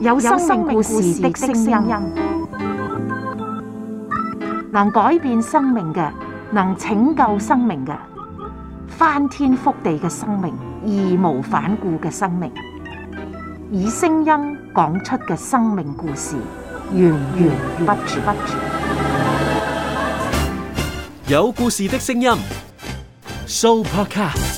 有生命故事的聲音，能改變生命嘅，能拯救生命嘅，翻天覆地嘅生命，義無反顧嘅生命，以聲音講出嘅生命故事，源源不絕。有故事的聲音，Soupercast。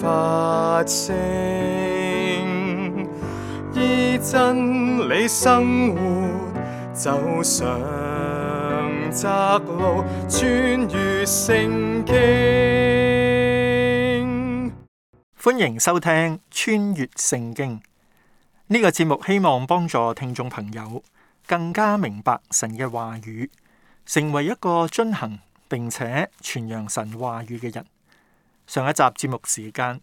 發聲依真理，生活走上窄路，穿越聖經。歡迎收聽穿越聖經，呢個節目希望幫助聽眾朋友更加明白神嘅話語，成為一個遵行並且傳揚神話語嘅人。上一集節目時間，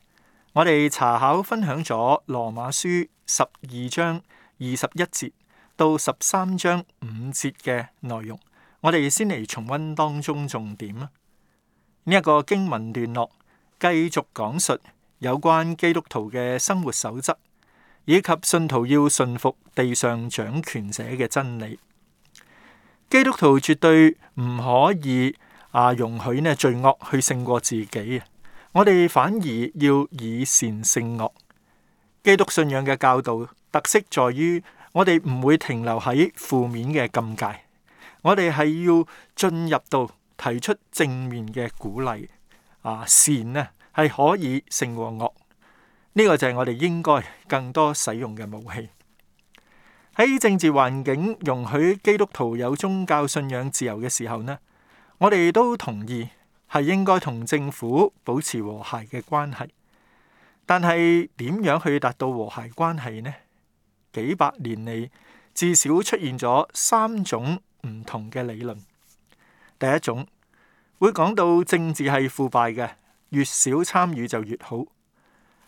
我哋查考分享咗《羅馬書》十二章二十一節到十三章五節嘅內容。我哋先嚟重溫當中重點啊。呢一個經文段落繼續講述有關基督徒嘅生活守則，以及信徒要順服地上掌權者嘅真理。基督徒絕對唔可以啊，容許呢罪惡去勝過自己。我哋反而要以善勝惡。基督信仰嘅教導特色在於，我哋唔會停留喺負面嘅禁戒，我哋係要進入到提出正面嘅鼓勵。啊，善呢係可以勝過惡。呢、這個就係我哋應該更多使用嘅武器。喺政治環境容許基督徒有宗教信仰自由嘅時候呢，我哋都同意。係應該同政府保持和諧嘅關係，但係點樣去達到和諧關係呢？幾百年嚟，至少出現咗三種唔同嘅理論。第一種，會講到政治係腐敗嘅，越少參與就越好。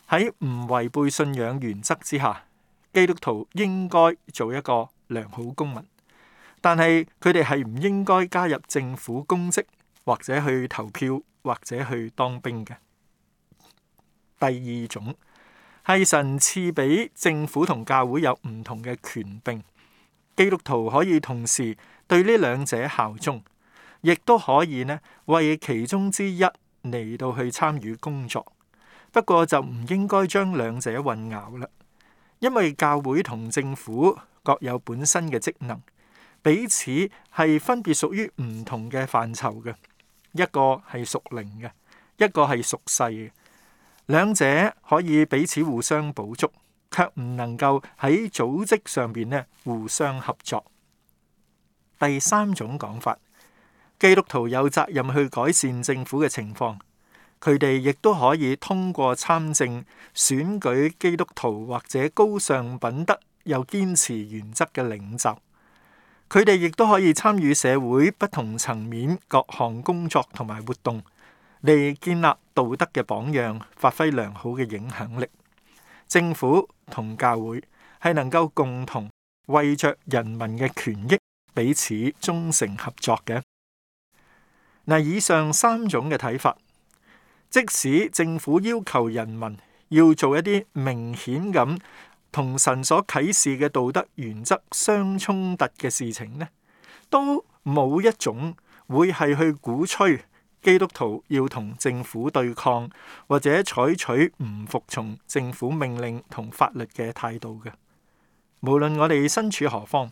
喺唔違背信仰原則之下，基督徒應該做一個良好公民，但係佢哋係唔應該加入政府公職。或者去投票，或者去當兵嘅。第二種，係神賜俾政府同教會有唔同嘅權柄，基督徒可以同時對呢兩者效忠，亦都可以呢為其中之一嚟到去參與工作。不過就唔應該將兩者混淆啦，因為教會同政府各有本身嘅職能，彼此係分別屬於唔同嘅範疇嘅。一個係屬靈嘅，一個係屬世嘅，兩者可以彼此互相補足，卻唔能夠喺組織上邊呢互相合作。第三種講法，基督徒有責任去改善政府嘅情況，佢哋亦都可以通過參政選舉基督徒或者高尚品德又堅持原則嘅領袖。佢哋亦都可以參與社會不同層面各項工作同埋活動，嚟建立道德嘅榜樣，發揮良好嘅影響力。政府同教會係能夠共同為着人民嘅權益，彼此忠誠合作嘅。嗱，以上三種嘅睇法，即使政府要求人民要做一啲明顯咁同神所啟示嘅道德原則相衝突嘅事情呢，都冇一種會係去鼓吹基督徒要同政府對抗，或者採取唔服從政府命令同法律嘅態度嘅。無論我哋身處何方，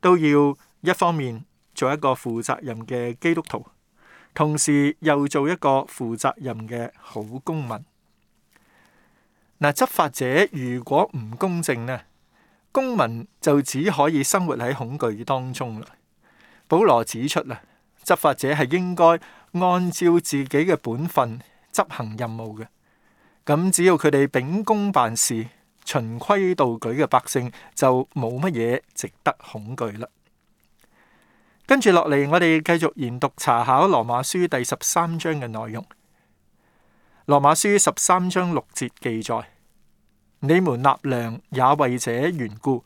都要一方面做一個負責任嘅基督徒，同時又做一個負責任嘅好公民。嗱，執法者如果唔公正咧，公民就只可以生活喺恐懼當中啦。保羅指出啦，執法者係應該按照自己嘅本分執行任務嘅。咁只要佢哋秉公辦事，循規蹈矩嘅百姓就冇乜嘢值得恐懼啦。跟住落嚟，我哋繼續研讀查考羅馬書第十三章嘅內容。羅馬書十三章六節記載。你們納糧也為這緣故，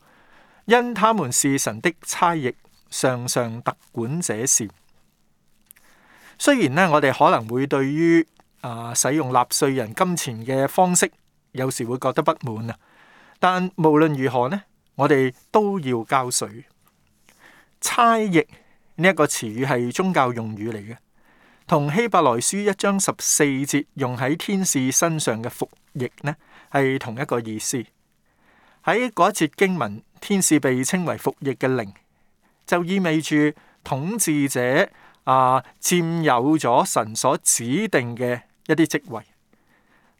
因他們是神的差役，常常特管這事。雖然咧，我哋可能會對於啊、呃、使用納稅人金錢嘅方式，有時會覺得不滿啊，但無論如何咧，我哋都要交稅。差役呢一、這個詞語係宗教用語嚟嘅，同希伯來書一章十四節用喺天使身上嘅服役呢，係同一個意思。喺嗰一節經文，天使被稱為服役嘅靈，就意味住統治者啊佔有咗神所指定嘅一啲職位。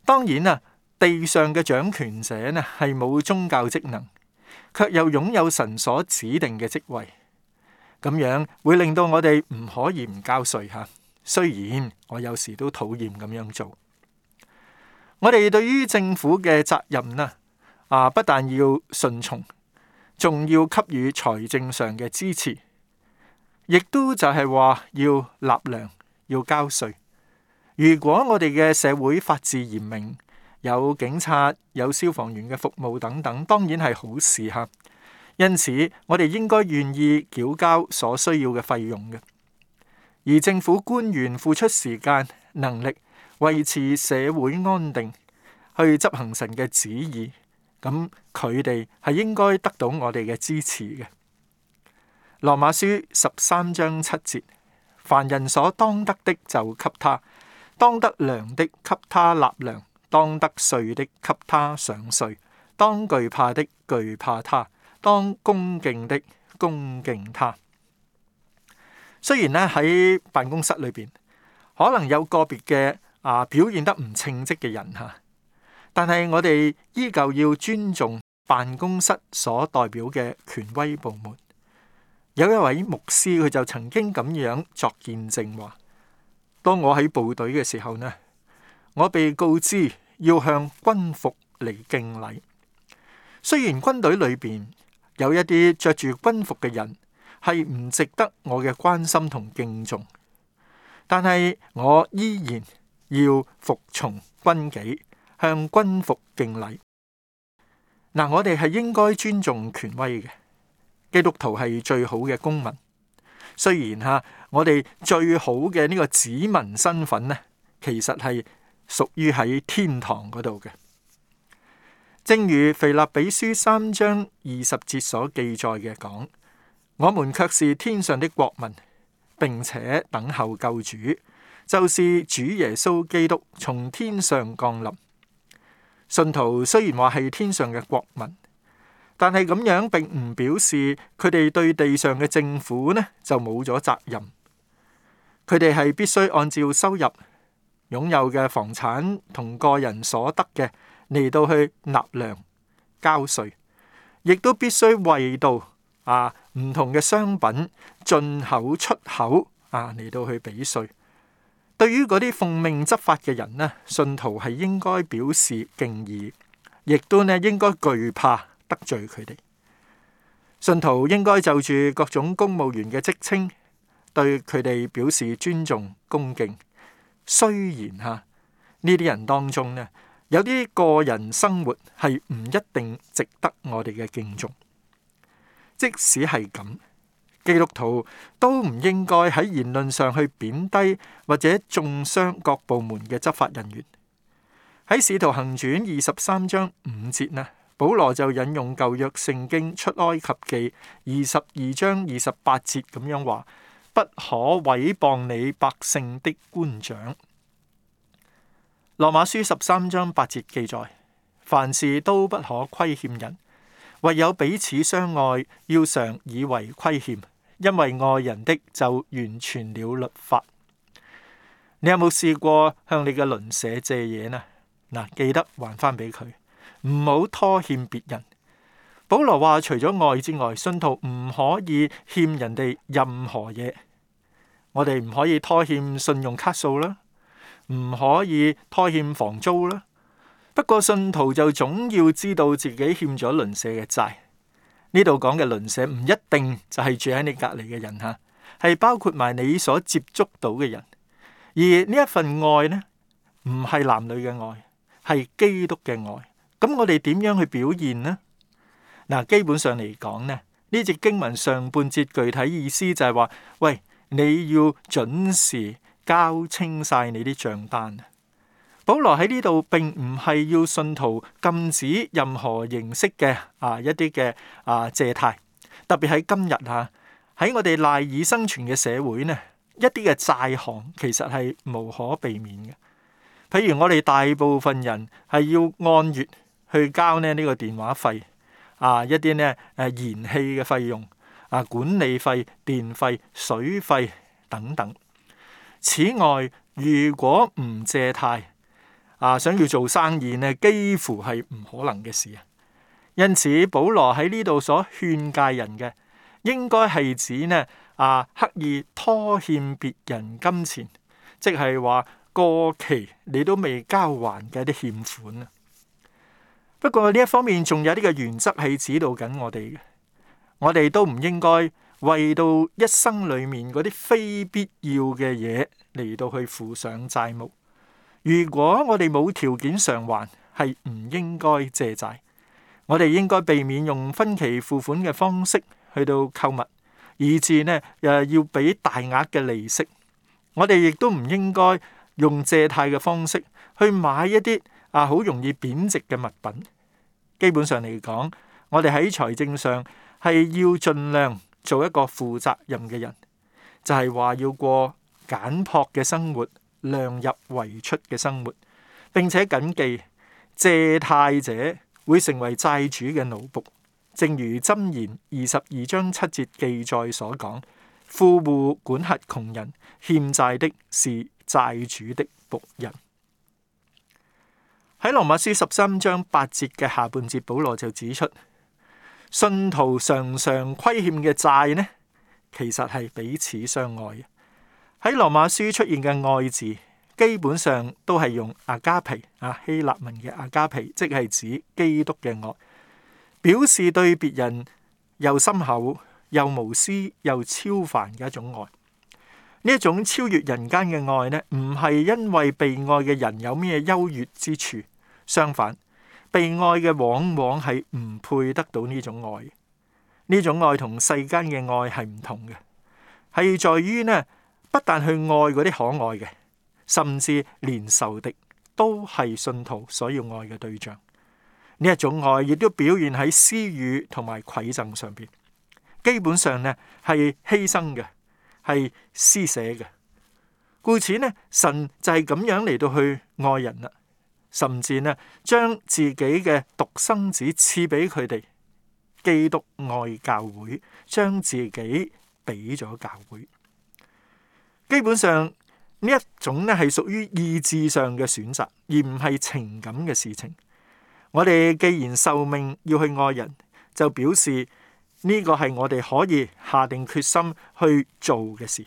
當然啦，地上嘅掌權者呢，係冇宗教職能，卻又擁有神所指定嘅職位。咁樣會令到我哋唔可以唔交稅吓。雖然我有時都討厭咁樣做。我哋對於政府嘅責任啦，啊，不但要順從，仲要給予財政上嘅支持，亦都就係話要納糧、要交稅。如果我哋嘅社會法治嚴明，有警察、有消防員嘅服務等等，當然係好事哈。因此，我哋應該願意繳交所需要嘅費用嘅，而政府官員付出時間、能力。維持社會安定，去執行神嘅旨意，咁佢哋係應該得到我哋嘅支持嘅。羅馬書十三章七節：凡人所當得的就給他，當得糧的給他納糧；當得稅的給他上稅，當懼怕的懼怕他，當恭敬的恭敬他。雖然咧喺辦公室裏邊，可能有個別嘅。啊、呃！表現得唔稱職嘅人吓，但係我哋依舊要尊重辦公室所代表嘅權威部門。有一位牧師佢就曾經咁樣作見證話：當我喺部隊嘅時候呢，我被告知要向軍服嚟敬禮。雖然軍隊裏邊有一啲着住軍服嘅人係唔值得我嘅關心同敬重，但係我依然。要服從軍紀，向軍服敬禮。嗱，我哋係應該尊重權威嘅。基督徒係最好嘅公民。雖然吓，我哋最好嘅呢個子民身份呢，其實係屬於喺天堂嗰度嘅。正如腓立比書三章二十節所記載嘅講，我們卻是天上的國民，並且等候救主。就是主耶穌基督從天上降臨，信徒雖然話係天上嘅國民，但係咁樣並唔表示佢哋對地上嘅政府呢就冇咗責任。佢哋係必須按照收入、擁有嘅房產同個人所得嘅嚟到去納糧交稅，亦都必須為到啊唔同嘅商品進口出口啊嚟到去俾稅。對於嗰啲奉命執法嘅人呢，信徒係應該表示敬意，亦都呢應該懼怕得罪佢哋。信徒應該就住各種公務員嘅職稱，對佢哋表示尊重恭敬。雖然吓呢啲人當中呢，有啲個人生活係唔一定值得我哋嘅敬重。即使係咁。基督徒都唔應該喺言論上去貶低或者重傷各部門嘅執法人員。喺《使徒行傳》二十三章五節呢，保羅就引用舊約聖經《出埃及記》二十二章二十八節咁樣話：不可毀謗你百姓的官長。《羅馬書》十三章八節記載：凡事都不可虧欠人，唯有彼此相愛，要常以為虧欠。因為愛人的就完全了律法。你有冇試過向你嘅鄰舍借嘢呢？嗱，記得還翻俾佢，唔好拖欠別人。保羅話：除咗愛之外，信徒唔可以欠人哋任何嘢。我哋唔可以拖欠信用卡數啦，唔可以拖欠房租啦。不過信徒就總要知道自己欠咗鄰舍嘅債。呢度講嘅鄰舍唔一定就係住喺你隔籬嘅人吓，係包括埋你所接觸到嘅人。而呢一份愛咧，唔係男女嘅愛，係基督嘅愛。咁我哋點樣去表現咧？嗱，基本上嚟講咧，呢節經文上半節具體意思就係話，喂，你要準時交清晒你啲賬單。保羅喺呢度並唔係要信徒禁止任何形式嘅啊一啲嘅啊借貸，特別喺今日啊，喺我哋賴以生存嘅社會，呢一啲嘅債項其實係無可避免嘅。譬如我哋大部分人係要按月去交呢呢個電話費啊，一啲呢誒燃氣嘅費用啊，管理費、電費、水費等等。此外，如果唔借貸，啊！想要做生意咧，幾乎係唔可能嘅事啊！因此，保羅喺呢度所勸誡人嘅，應該係指呢啊刻意拖欠別人金錢，即係話過期你都未交還嘅啲欠款啊！不過呢一方面，仲有啲嘅原則係指導緊我哋嘅，我哋都唔應該為到一生裏面嗰啲非必要嘅嘢嚟到去負上債務。如果我哋冇條件償還，係唔應該借債。我哋應該避免用分期付款嘅方式去到購物，以至呢誒要俾大額嘅利息。我哋亦都唔應該用借貸嘅方式去買一啲啊好容易貶值嘅物品。基本上嚟講，我哋喺財政上係要盡量做一個負責任嘅人，就係、是、話要過簡樸嘅生活。量入為出嘅生活，並且謹記，借貸者會成為債主嘅奴僕。正如箴言二十二章七節記載所講：富戶管轄窮人，欠債的是債主的僕人。喺羅馬書十三章八節嘅下半節，保羅就指出，信徒常常虧欠嘅債呢，其實係彼此相愛嘅。喺羅馬書出現嘅愛字，基本上都係用阿加皮啊，希臘文嘅阿加皮，即係指基督嘅愛，表示對別人又深厚又無私又超凡嘅一種愛。呢一種超越人間嘅愛呢，唔係因為被愛嘅人有咩優越之處，相反，被愛嘅往往係唔配得到呢種愛。呢種愛同世間嘅愛係唔同嘅，係在於呢。不但去愛嗰啲可愛嘅，甚至連仇敵都係信徒所要愛嘅對象。呢一種愛亦都表現喺施予同埋饋贈上邊。基本上咧係犧牲嘅，係施捨嘅。故此咧，神就係咁樣嚟到去愛人啦。甚至咧，將自己嘅獨生子賜俾佢哋。基督愛教會，將自己俾咗教會。基本上呢一種咧係屬於意志上嘅選擇，而唔係情感嘅事情。我哋既然受命要去愛人，就表示呢個係我哋可以下定決心去做嘅事。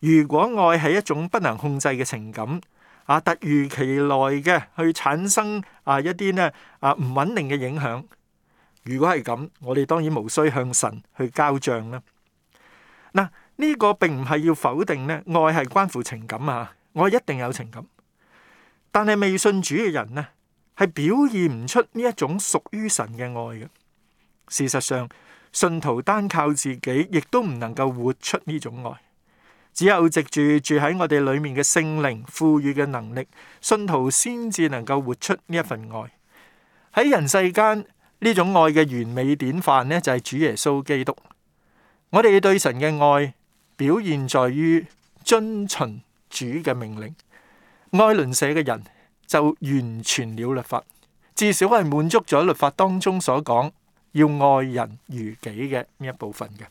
如果愛係一種不能控制嘅情感，啊突如其來嘅去產生一啊一啲咧啊唔穩定嘅影響，如果係咁，我哋當然無需向神去交賬啦。嗱、啊。呢個並唔係要否定呢愛係關乎情感啊！愛一定有情感，但係未信主嘅人呢，係表現唔出呢一種屬於神嘅愛嘅。事實上，信徒單靠自己，亦都唔能夠活出呢種愛。只有藉住住喺我哋裏面嘅聖靈賦予嘅能力，信徒先至能夠活出呢一份愛。喺人世間呢種愛嘅完美典範呢，就係主耶穌基督。我哋對神嘅愛。表現在於遵循主嘅命令，愛倫社嘅人就完全了律法，至少係滿足咗律法當中所講要愛人如己嘅呢一部分嘅。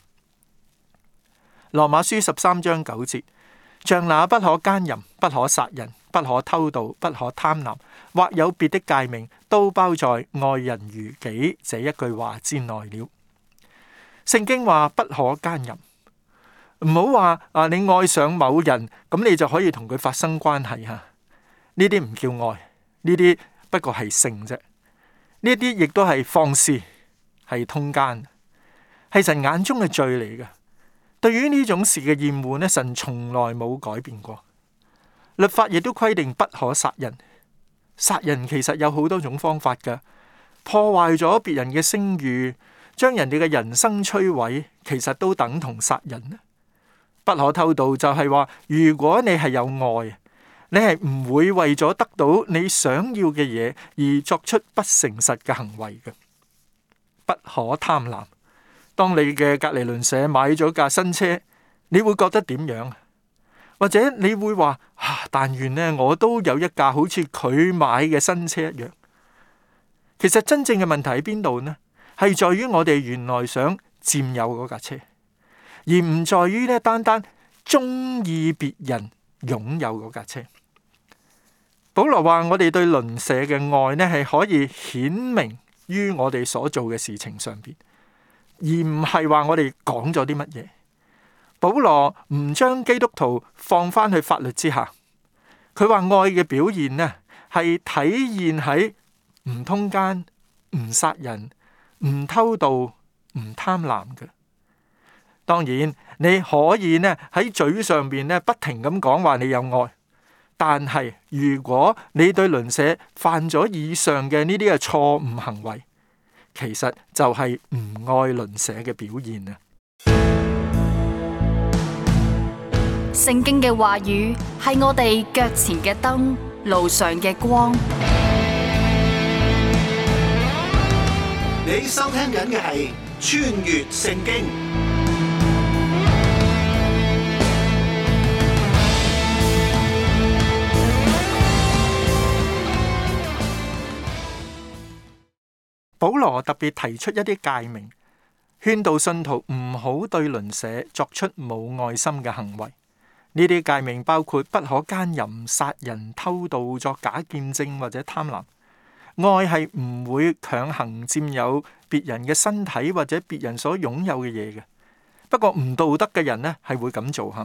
羅馬書十三章九節，像那不可奸淫、不可殺人、不可偷盜、不可貪婪，或有別的誡命，都包在愛人如己這一句話之內了。聖經話不可奸淫。唔好話啊！你愛上某人，咁你就可以同佢發生關係啊？呢啲唔叫愛，呢啲不過係性啫。呢啲亦都係放肆，係通姦，係神眼中嘅罪嚟嘅。對於呢種事嘅厭惡咧，神從來冇改變過。律法亦都規定不可殺人。殺人其實有好多種方法噶，破壞咗別人嘅聲譽，將人哋嘅人生摧毀，其實都等同殺人。不可偷盜就係話，如果你係有愛，你係唔會為咗得到你想要嘅嘢而作出不誠實嘅行為嘅。不可貪婪。當你嘅隔籬鄰舍買咗架新車，你會覺得點樣？或者你會話：啊，但願咧，我都有一架好似佢買嘅新車一樣。其實真正嘅問題喺邊度呢？係在於我哋原來想佔有嗰架車。而唔在於咧，單單中意別人擁有嗰架車。保羅話：我哋對鄰舍嘅愛咧，係可以顯明於我哋所做嘅事情上邊，而唔係話我哋講咗啲乜嘢。保羅唔將基督徒放翻去法律之下，佢話愛嘅表現咧，係體現喺唔通姦、唔殺人、唔偷盜、唔貪婪嘅。當然，你可以呢喺嘴上邊呢不停咁講話你有愛，但係如果你對鄰舍犯咗以上嘅呢啲嘅錯誤行為，其實就係唔愛鄰舍嘅表現啊！聖經嘅話語係我哋腳前嘅燈，路上嘅光。你收聽緊嘅係《穿越聖經》。保羅特別提出一啲誡命，勸導信徒唔好對鄰舍作出冇愛心嘅行為。呢啲誡命包括不可奸淫、殺人、偷盜、作假見證或者貪婪。愛係唔會強行占有別人嘅身體或者別人所擁有嘅嘢嘅。不過唔道德嘅人呢係會咁做吓。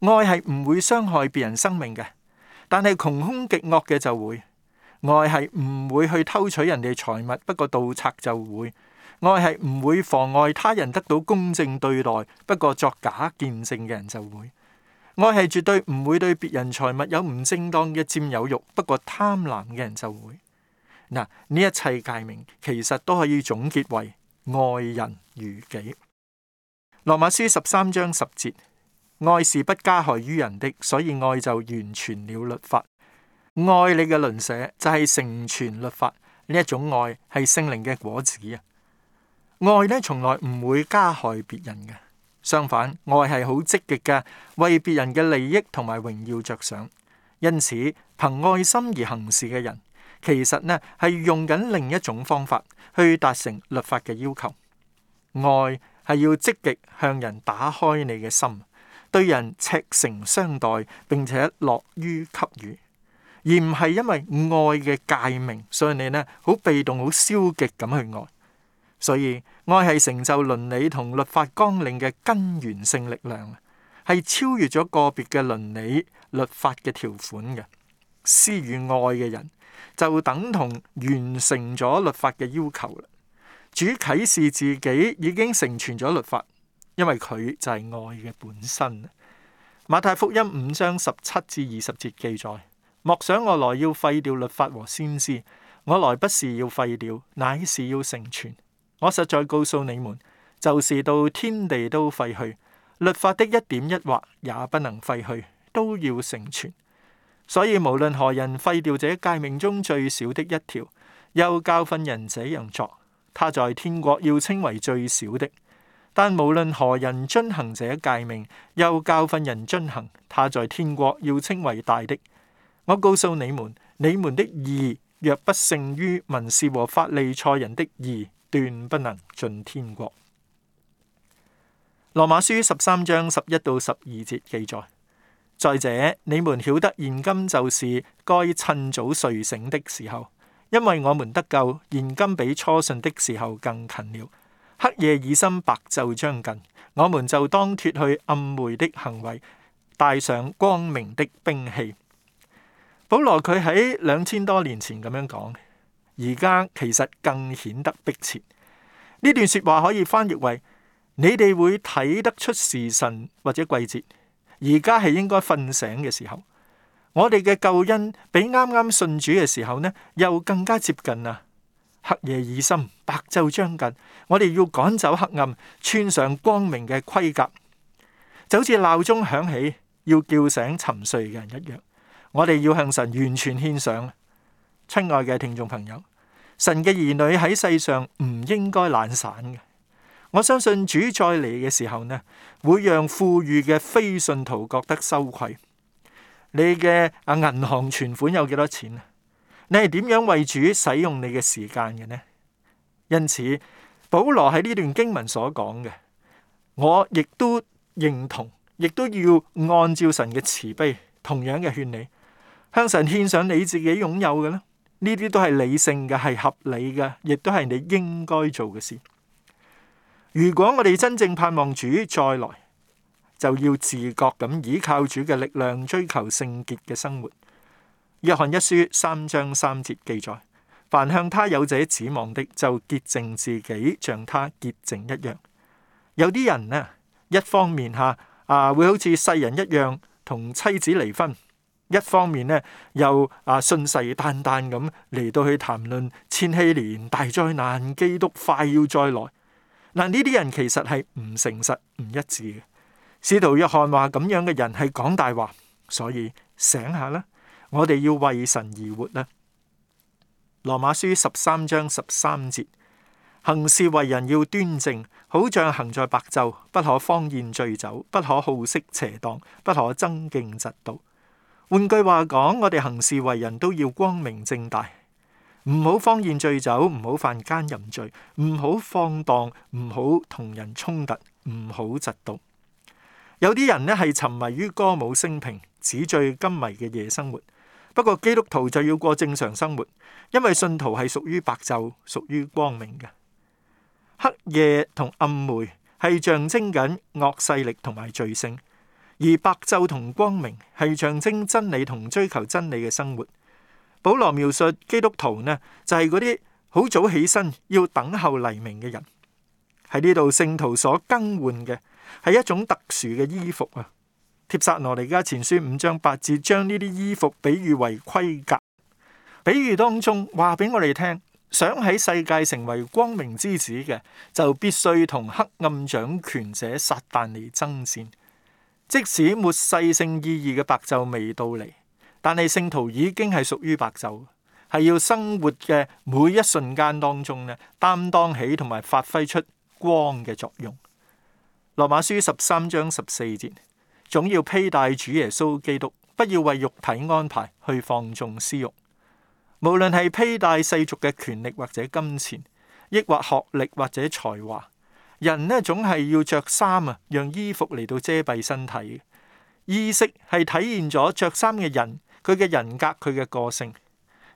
愛係唔會傷害別人生命嘅，但係窮兇極惡嘅就會。愛係唔會去偷取人哋財物，不過盜賊就會；愛係唔會妨礙他人得到公正對待，不過作假見證嘅人就會；愛係絕對唔會對別人財物有唔正當嘅占有欲，不過貪婪嘅人就會。嗱，呢一切誡命，其實都可以總結為愛人如己。羅馬書十三章十節：愛是不加害於人的，所以愛就完全了律法。愛你嘅鄰舍就係成全律法。呢一種愛係聖靈嘅果子啊。愛咧從來唔會加害別人嘅，相反，愛係好積極嘅，為別人嘅利益同埋榮耀着想。因此，憑愛心而行事嘅人，其實呢係用緊另一種方法去達成律法嘅要求。愛係要積極向人打開你嘅心，對人赤誠相待，並且樂於給予。而唔係因為愛嘅界名，所以你呢，好被動、好消極咁去愛。所以愛係成就倫理同律法綱領嘅根源性力量，係超越咗個別嘅倫理律法嘅條款嘅。施予愛嘅人就等同完成咗律法嘅要求。主啟示自己已經成全咗律法，因為佢就係愛嘅本身。馬太福音五章十七至二十節記載。莫想我來要廢掉律法和先知，我來不是要廢掉，乃是要成全。我實在告訴你們，就是到天地都廢去，律法的一點一畫也不能廢去，都要成全。所以無論何人廢掉這誡命中最小的一條，又教訓人這樣作，他在天國要稱為最小的；但無論何人遵行這誡命，又教訓人遵行，他在天國要稱為大的。我告訴你們，你們的義若不勝於文士和法利賽人的義，斷不能進天國。羅馬書十三章十一到十二節記載：再者，你們曉得，現今就是該趁早睡醒的時候，因為我們得救，現今比初信的時候更近了。黑夜已深，白晝將近，我們就當脱去暗昧的行為，帶上光明的兵器。保羅佢喺兩千多年前咁樣講，而家其實更顯得迫切。呢段說話可以翻譯為：你哋會睇得出時辰或者季節，而家係應該瞓醒嘅時候。我哋嘅救恩比啱啱信主嘅時候呢，又更加接近啊！黑夜已深，白晝將近，我哋要趕走黑暗，穿上光明嘅盔甲，就好似鬧鐘響起，要叫醒沉睡嘅人一樣。我哋要向神完全獻上，親愛嘅聽眾朋友，神嘅兒女喺世上唔應該懶散嘅。我相信主再嚟嘅時候呢，會讓富裕嘅非信徒覺得羞愧。你嘅啊銀行存款有幾多錢？你係點樣為主使用你嘅時間嘅呢？因此，保羅喺呢段經文所講嘅，我亦都認同，亦都要按照神嘅慈悲，同樣嘅勸你。向神獻上你自己擁有嘅咧，呢啲都係理性嘅，係合理嘅，亦都係你應該做嘅事。如果我哋真正盼望主再來，就要自覺咁依靠主嘅力量，追求聖潔嘅生活。約翰一書三章三節記載：凡向他有者指望的，就潔淨自己，像他潔淨一樣。有啲人咧、啊，一方面吓啊，會好似世人一樣，同妻子離婚。一方面咧，又啊信誓旦旦咁嚟到去談論千禧年大災難，基督快要再來。嗱，呢啲人其實係唔誠實、唔一致嘅。使徒約翰話：咁樣嘅人係講大話，所以醒下啦，我哋要為神而活啦。羅馬書十三章十三節，行事為人要端正，好像行在白晝，不可荒宴醉酒，不可好色邪蕩，不可爭競嫉妒。換句話講，我哋行事為人都要光明正大，唔好荒宴醉酒，唔好犯奸淫罪，唔好放蕩，唔好同人衝突，唔好嫉妒。有啲人呢係沉迷於歌舞升平、紙醉金迷嘅夜生活，不過基督徒就要過正常生活，因為信徒係屬於白晝、屬於光明嘅。黑夜同暗昧係象徵緊惡勢力同埋罪性。而白晝同光明係象徵真理同追求真理嘅生活。保羅描述基督徒呢，就係嗰啲好早起身要等候黎明嘅人。喺呢度，聖徒所更換嘅係一種特殊嘅衣服啊。帖撒羅尼迦前書五章八節將呢啲衣服比喻為盔甲，比喻當中話俾我哋聽，想喺世界成為光明之子嘅，就必須同黑暗掌權者撒旦嚟爭戰。即使末世性意義嘅白晝未到嚟，但係聖徒已經係屬於白晝，係要生活嘅每一瞬間當中咧，擔當起同埋發揮出光嘅作用。羅馬書十三章十四節，總要披戴主耶穌基督，不要為肉體安排去放縱私欲，無論係披戴世俗嘅權力或者金錢，抑或學歷或者才華。人咧，總係要着衫啊，讓衣服嚟到遮蔽身體。意識係體現咗着衫嘅人佢嘅人格、佢嘅個性。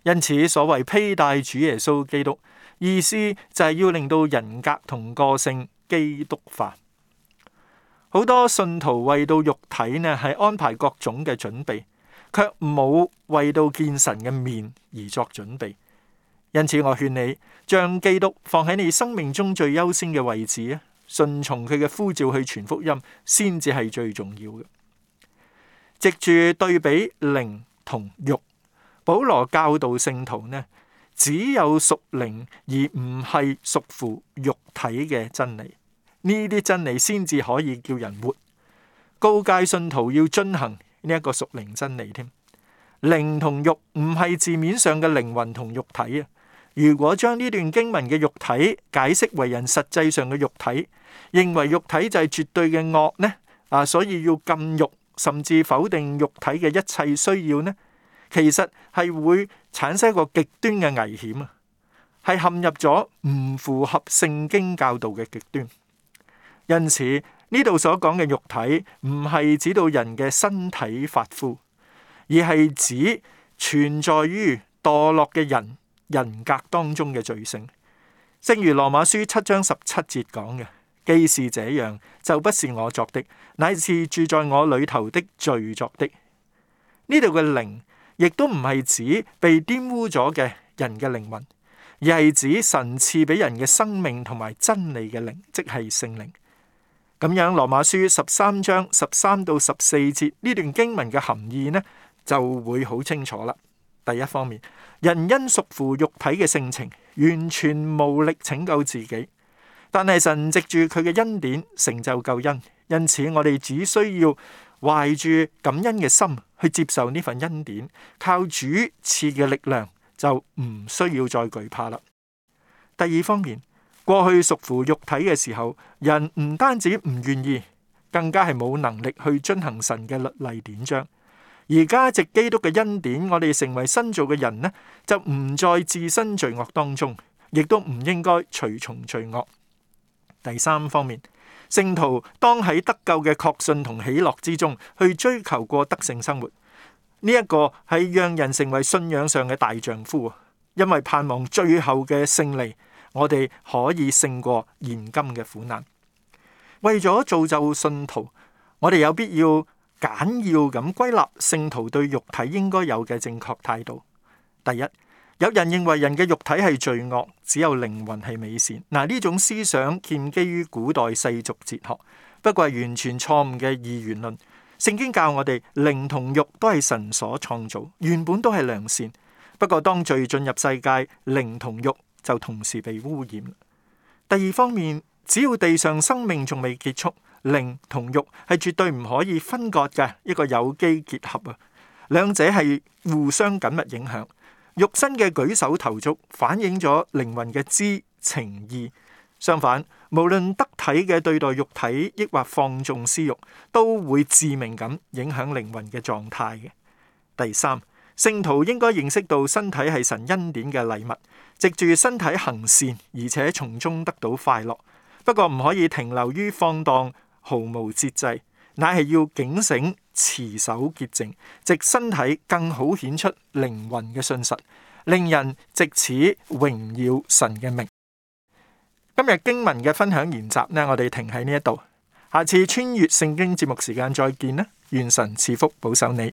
因此所謂披戴主耶穌基督，意思就係要令到人格同個性基督化。好多信徒為到肉體呢係安排各種嘅準備，卻冇為到見神嘅面而作準備。因此，我勸你將基督放喺你生命中最優先嘅位置啊！順從佢嘅呼召去傳福音，先至係最重要嘅。藉住對比靈同肉，保羅教導聖徒呢，只有屬靈而唔係屬乎肉體嘅真理，呢啲真理先至可以叫人活。告誡信徒要遵行呢一個屬靈真理添。靈同肉唔係字面上嘅靈魂同肉體啊！如果將呢段經文嘅肉體解釋為人實際上嘅肉體，認為肉體就係絕對嘅惡呢？啊，所以要禁肉，甚至否定肉體嘅一切需要呢？其實係會產生一個極端嘅危險啊，係陷入咗唔符合聖經教導嘅極端。因此呢度所講嘅肉體唔係指到人嘅身體髮膚，而係指存在於墮落嘅人，人格當中嘅罪性，正如羅馬書七章十七節講嘅，既是這樣，就不是我作的，乃是住在我裏頭的罪作的。呢度嘅靈，亦都唔係指被玷污咗嘅人嘅靈魂，而係指神賜俾人嘅生命同埋真理嘅靈，即係聖靈。咁樣，羅馬書十三章十三到十四節呢段經文嘅含義呢，就會好清楚啦。第一方面，人因屬乎肉體嘅性情，完全無力拯救自己。但係神藉住佢嘅恩典成就救恩，因此我哋只需要懷住感恩嘅心去接受呢份恩典，靠主賜嘅力量，就唔需要再懼怕啦。第二方面，過去屬乎肉體嘅時候，人唔單止唔願意，更加係冇能力去遵行神嘅律例典章。而家藉基督嘅恩典，我哋成為新造嘅人呢，就唔再置身罪惡當中，亦都唔應該隨從罪惡。第三方面，聖徒當喺得救嘅確信同喜樂之中，去追求過得勝生活。呢、這、一個係讓人成為信仰上嘅大丈夫，因為盼望最後嘅勝利，我哋可以勝過現今嘅苦難。為咗造就信徒，我哋有必要。簡要咁歸納聖徒對肉體應該有嘅正確態度。第一，有人認為人嘅肉體係罪惡，只有靈魂係美善。嗱，呢種思想建基於古代世俗哲學，不過係完全錯誤嘅二元論。聖經教我哋靈同肉都係神所創造，原本都係良善。不過當罪進入世界，靈同肉就同時被污染。第二方面，只要地上生命仲未結束。靈同肉係絕對唔可以分割嘅一個有機結合啊，兩者係互相緊密影響。肉身嘅舉手投足反映咗靈魂嘅知情意，相反，無論得體嘅對待肉體，抑或放縱私欲，都會致命咁影響靈魂嘅狀態嘅。第三，聖徒應該認識到身體係神恩典嘅禮物，藉住身體行善，而且從中得到快樂。不過唔可以停留於放蕩，毫無節制，乃係要警醒持守潔淨，藉身體更好顯出靈魂嘅信實，令人藉此榮耀神嘅名。今日經文嘅分享研習呢，我哋停喺呢一度，下次穿越聖經節目時間再見啦！願神賜福保守你。